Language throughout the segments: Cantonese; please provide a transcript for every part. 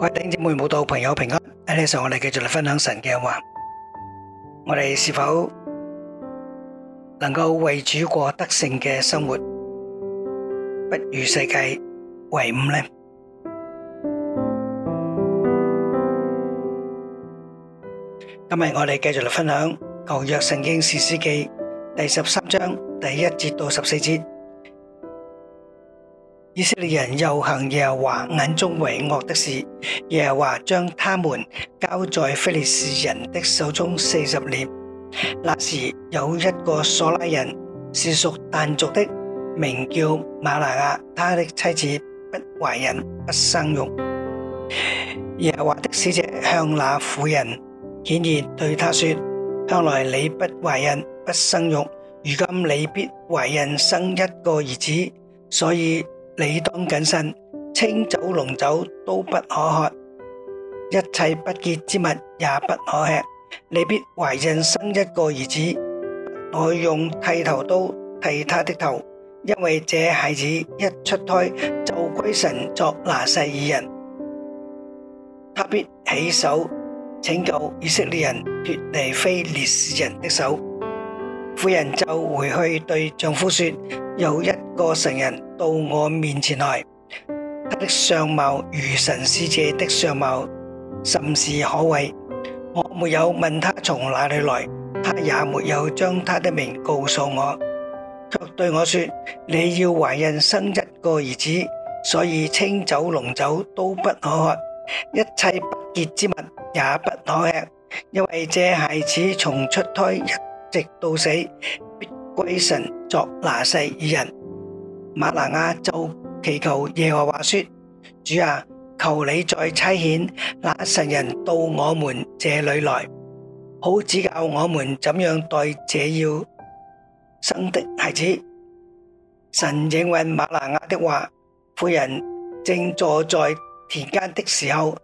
各位弟兄姊妹、慕道朋友、平安，喺呢度我哋繼續嚟分享神嘅話，我哋是否能夠為主過得勝嘅生活，不與世界為伍呢？今日我哋繼續嚟分享舊約聖經士師記第十三章第一節到十四節。以色列人又行耶和華眼中為惡的事。耶和華將他們交在非利士人的手中四十年。那時有一個瑣拉人，是屬但族的，名叫瑪挪亞。他的妻子不懷孕，不生育。耶和華的使者向那婦人顯現，對她說：向來你不懷孕，不生育，如今你必懷孕生一個兒子。所以你當謹慎，清酒濃酒都不可喝，一切不潔之物也不可吃。你必懷孕生一個兒子，我用剃頭刀剃他的頭，因為這孩子一出胎就歸神作拿細耳人。他必起手拯救以色列人脫離非利士人的手。婦人就回去對丈夫說,有一個神人到我面前來,他的相貌如神使者的相貌,甚是可畏。我沒有問他從哪裡來,他也沒有將他的名告訴我。直到死，必歸神作拿細耳人。瑪拿雅就祈求耶和華說：主啊，求你再差遣那神人到我們這裏來，好指教我們怎樣待這要生的孩子。神應允瑪拿雅的話。婦人正坐在田間的時候，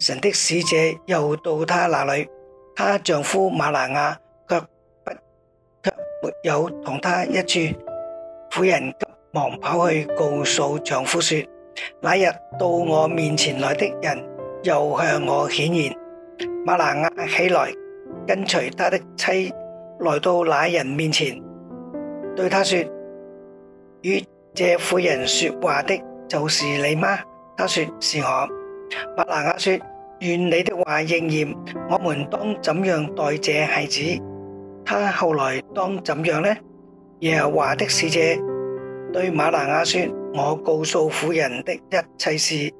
神的使者又到她那裡，她丈夫瑪拿雅卻。有同他一處婦人急忙跑去告訴丈夫說：那日到我面前來的人又向我顯現。馬拿亞起來跟隨他的妻來到那人面前，對他說：與這婦人說話的，就是你嗎？他說：是我。馬拿亞說：願你的話應驗，我們當怎樣待這孩子？他後來當怎樣呢？耶和華的使者對馬利亞說：我告訴婦人的一切事，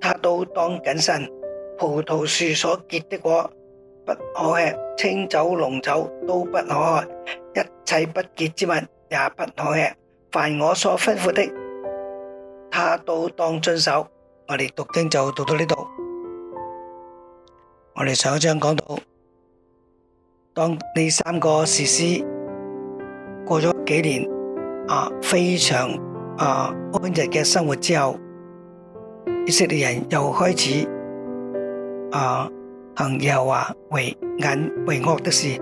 他都當謹慎。葡萄樹所結的果不可吃，清酒、濃酒都不可喝，一切不潔之物也不可吃。凡我所吩咐的，他都當遵守。我哋讀經就讀到呢度。我哋上一章講到。當呢三個士師過咗幾年啊非常啊安逸嘅生活之後，以色列人又開始啊行又話為淫為惡的事，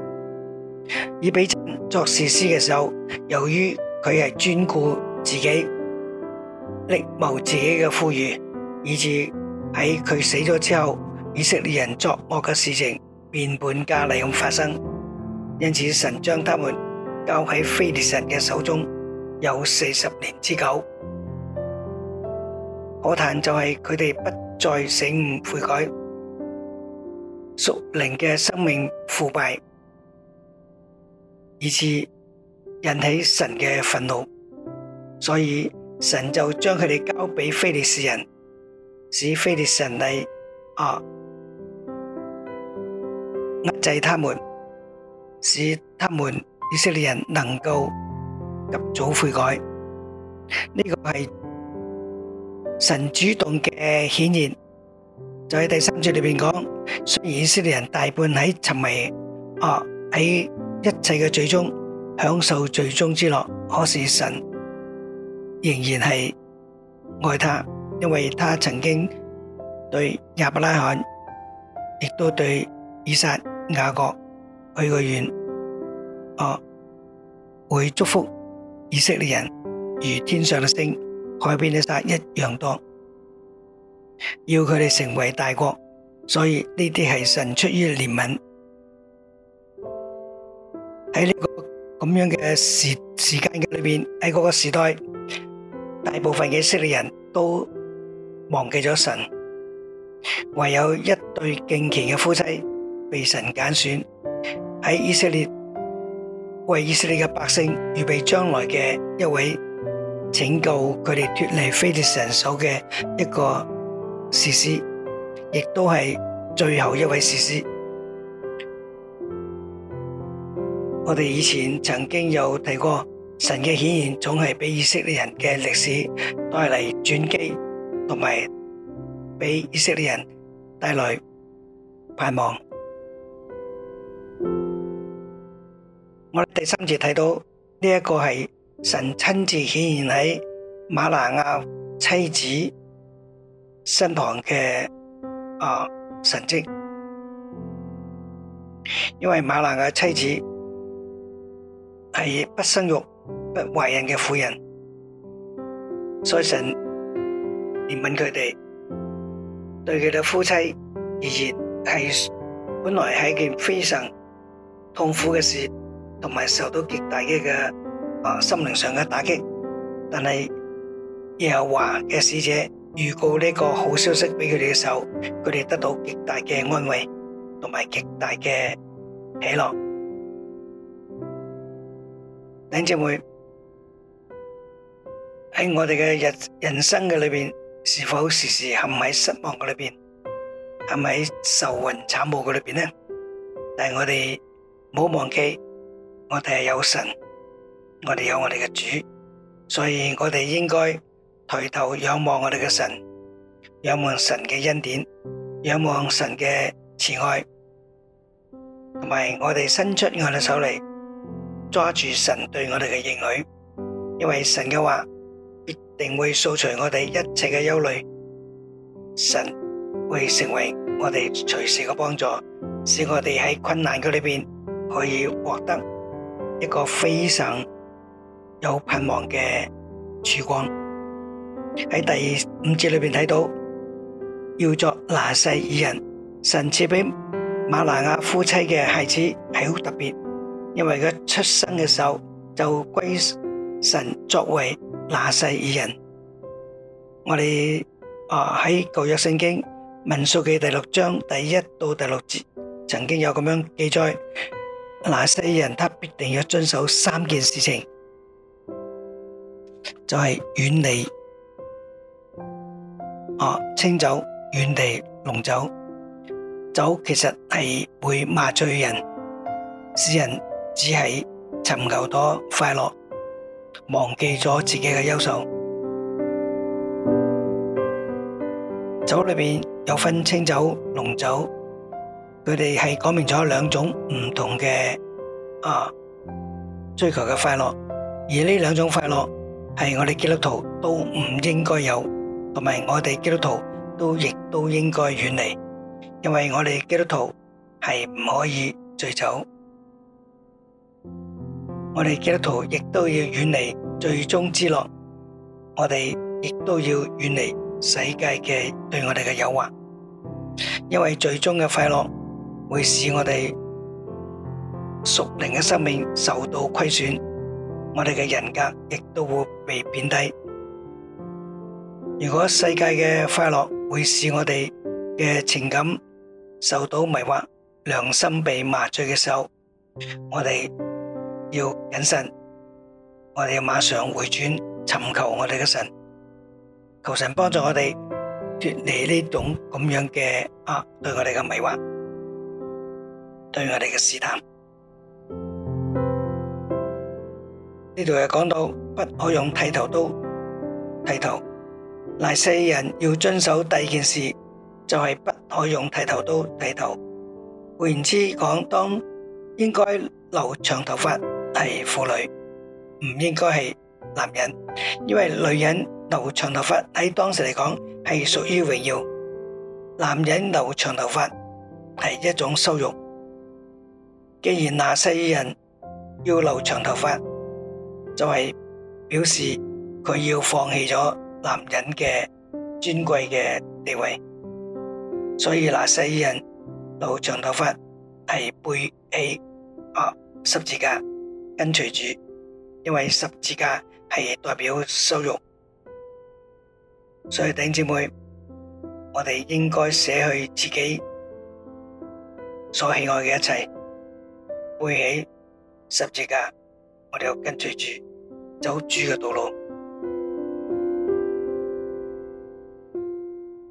以俾作士師嘅時候，由於佢係專顧自己，力謀自己嘅富裕，以致喺佢死咗之後，以色列人作惡嘅事情。變本加厲咁發生，制他們，使他們以色列人能夠及早悔改。呢個係神主動嘅顯現。就喺第三節裏邊講，雖然以色列人大半喺沉迷，啊喺一切嘅罪中享受罪中之樂，可是神仍然係愛他，因為他曾經對亞伯拉罕，亦都對以撒。雅各去個願，啊，會祝福以色列人，如天上的星、海邊的沙一樣多，要佢哋成為大國。所以呢啲係神出於憐憫。喺呢、這個咁樣嘅時時間裏面，喺嗰個時代，大部分嘅以色列人都忘記咗神，唯有一對敬虔嘅夫妻，被神揀選，喺以色列為以色列嘅百姓預備將來嘅一位拯救佢哋脫離非利士人手嘅一個士師，亦都係最後一位士師。我哋以前曾經有提過，神嘅顯現總係俾以色列人嘅歷史帶嚟轉機，同埋俾以色列人帶來盼望。我第三次睇到呢一、這個係神親自顯現喺馬拿亞妻子身旁嘅啊、呃、神蹟，因為馬拿嘅妻子係不生育、不懷孕嘅婦人，所以神憐憫佢哋，對佢哋夫妻而言係本來係一件非常痛苦嘅事。同埋受到極大嘅嘅，啊心靈上嘅打擊，但係，耶和華嘅使者預告呢個好消息俾佢哋嘅時候，佢哋得到極大嘅安慰，同埋極大嘅喜樂。弟、嗯嗯、姐妹喺我哋嘅日人生嘅裏邊，是否時時陷喺失望嘅裏邊，係咪愁雲慘霧嘅裏邊呢？但係我哋唔好忘記。我哋係有神，我哋有我哋嘅主，所以我哋應該抬頭仰望我哋嘅神，仰望神嘅恩典，仰望神嘅慈愛，同埋我哋伸出我哋手嚟抓住神對我哋嘅應許，因為神嘅話必定會掃除我哋一切嘅憂慮，神會成為我哋隨時嘅幫助，使我哋喺困難裏邊可以獲得。一個非常有盼望嘅曙光，喺第五節裏邊睇到，要作拿細耳人。神賜俾瑪挪亞夫妻嘅孩子係好特別，因為佢出生嘅時候就歸神作為拿細耳人。我哋啊喺舊約聖經民數記嘅第六章第一到第六節，曾經有咁樣記載。那些人，他必定要遵守三件事情，就係遠離啊清酒、遠離濃酒。酒其實係會麻醉人，使人只係尋求多快樂，忘記咗自己嘅憂愁。酒裏邊有分清酒、濃酒。佢哋係講明咗兩種唔同嘅啊追求嘅快樂，而呢兩種快樂係我哋基督徒都唔應該有，同埋我哋基督徒都亦都應該遠離，因為我哋基督徒係唔可以醉酒，我哋基督徒亦都要遠離最終之樂，我哋亦都要遠離世界嘅對我哋嘅誘惑，因為最終嘅快樂，會使我哋屬靈嘅生命受到虧損，我哋嘅人格亦都會被貶低。如果世界嘅快樂會使我哋嘅情感受到迷惑，良心被麻醉嘅時候，我哋要謹慎，我哋要馬上回轉，尋求我哋嘅神，求神幫助我哋脫離呢種咁樣嘅啊，對我哋嘅迷惑。對我哋嘅試探，呢度又講到不可用剃頭刀剃頭，嗱，世人要遵守第二件事就係不可用剃頭刀剃頭。換言之，講當應該留長頭髮係婦女，唔應該係男人，因為女人留長頭髮喺當時嚟講係屬於榮耀，男人留長頭髮係一種羞辱。既然拿西人要留長頭髮，就係表示佢要放棄咗男人嘅尊貴嘅地位，所以拿西人留長頭髮係背起啊，十字架跟隨主，因為十字架係代表羞辱，所以丁姐妹，我哋應該捨去自己所喜愛嘅一切。背起十字架，我哋要跟隨住走主嘅道路。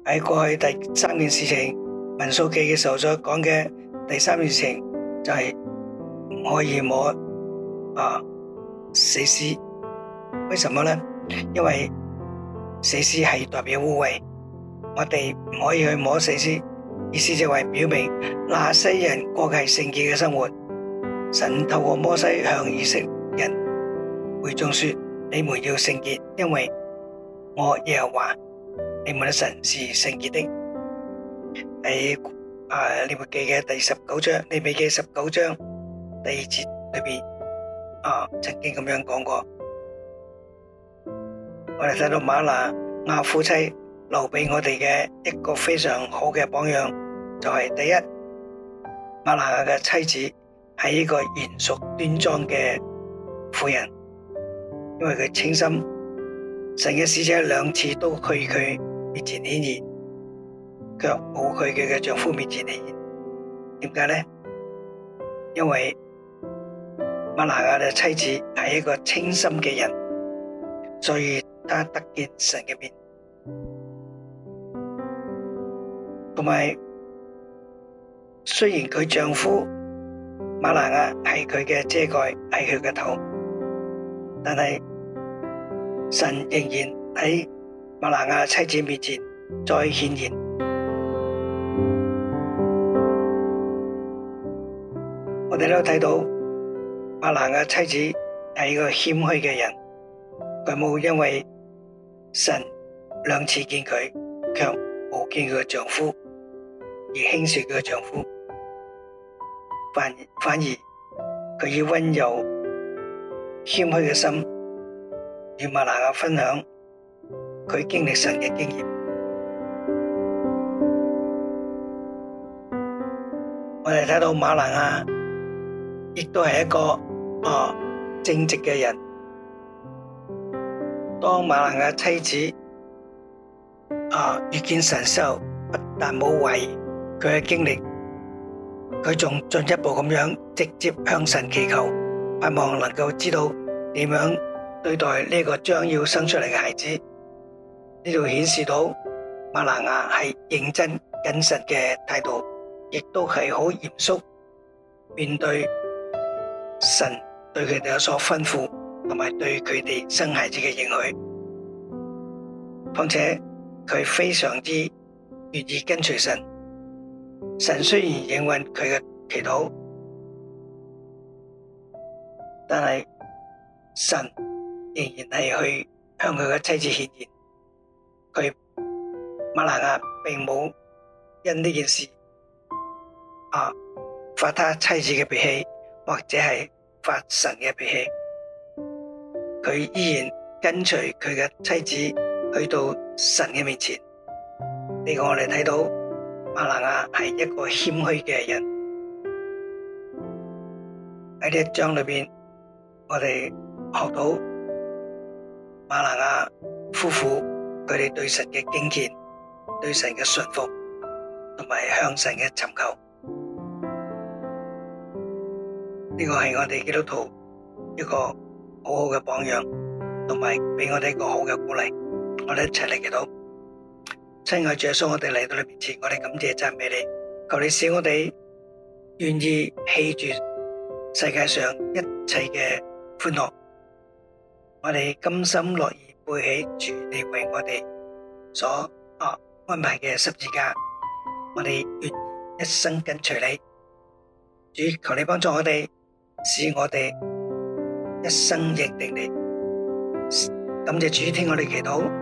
喺過去第三件事情，民數記嘅時候所講嘅第三件事情就係唔可以摸，啊，死屍。為什麼呢？因為死屍係代表污穢，我哋唔可以去摸死屍，意思就係表明那些人過嘅係聖潔嘅生活。神透過摩西向以色列會眾說：你們要聖潔，因為我耶和華你們嘅神是聖潔的。第啊，你記唔記嘅第十九章？你記唔記十九章第二節裏邊啊，曾經咁樣講過。我哋睇到瑪拿雅夫妻留畀我哋嘅一個非常好嘅榜樣，就係第一，瑪拿雅嘅妻子。係一個賢淑端莊嘅婦人，因為佢清心，神嘅使者兩次都去佢面前顯現，卻冇去佢嘅丈夫面前顯現，點解呢？因為瑪挪亞嘅妻子係一個清心嘅人，所以她得見神嘅面，同埋雖然佢丈夫。馬蘭亞，係佢嘅遮蓋，係佢嘅頭，但係神仍然喺馬蘭亞妻子面前再顯現。我哋都睇到馬蘭亞嘅妻子係一個謙虛嘅人，佢冇因為神兩次見佢，卻冇見佢丈夫而輕視佢丈夫。反反而佢以溫柔謙虛嘅心與馬蘭亞分享佢經歷神嘅經驗。我哋睇到馬蘭亞亦都係一個啊正直嘅人。當馬蘭亞嘅妻子啊遇見神之後，不但冇懷疑佢嘅經歷。佢仲進一步咁樣直接向神祈求，盼望能夠知道點樣對待呢個將要生出嚟嘅孩子。呢度顯示到馬利亞係認真謹慎嘅態度，亦都係好嚴肅面對神對佢哋有所吩咐，同埋對佢哋生孩子嘅認可。況且佢非常之願意跟隨神。神雖然應允佢嘅祈禱，但係神仍然係去向佢嘅妻子顯現。佢馬蘭亞並冇因呢件事啊發他妻子嘅脾氣，或者係發神嘅脾氣。佢依然跟隨佢嘅妻子去到神嘅面前。呢、這個我哋睇到。馬拿亞係一個謙虛嘅人。喺呢一章裏邊，我哋學到馬拿亞夫婦佢哋對神嘅敬虔，對神嘅信服，同埋向神嘅尋求。呢個係我哋基督徒一個好好嘅榜樣，同埋俾我哋一個好嘅鼓勵。我哋一齊嚟祈禱。親愛的主，所以我哋嚟到你面前，我哋感謝讚美你，求你使我哋願意棄住世界上一切嘅歡樂，我哋甘心樂意背起主，你為我哋所安排嘅十字架，我哋願意一生跟隨你。主，求你幫助我哋，使我哋一生認定你。感謝主，聽我哋祈禱。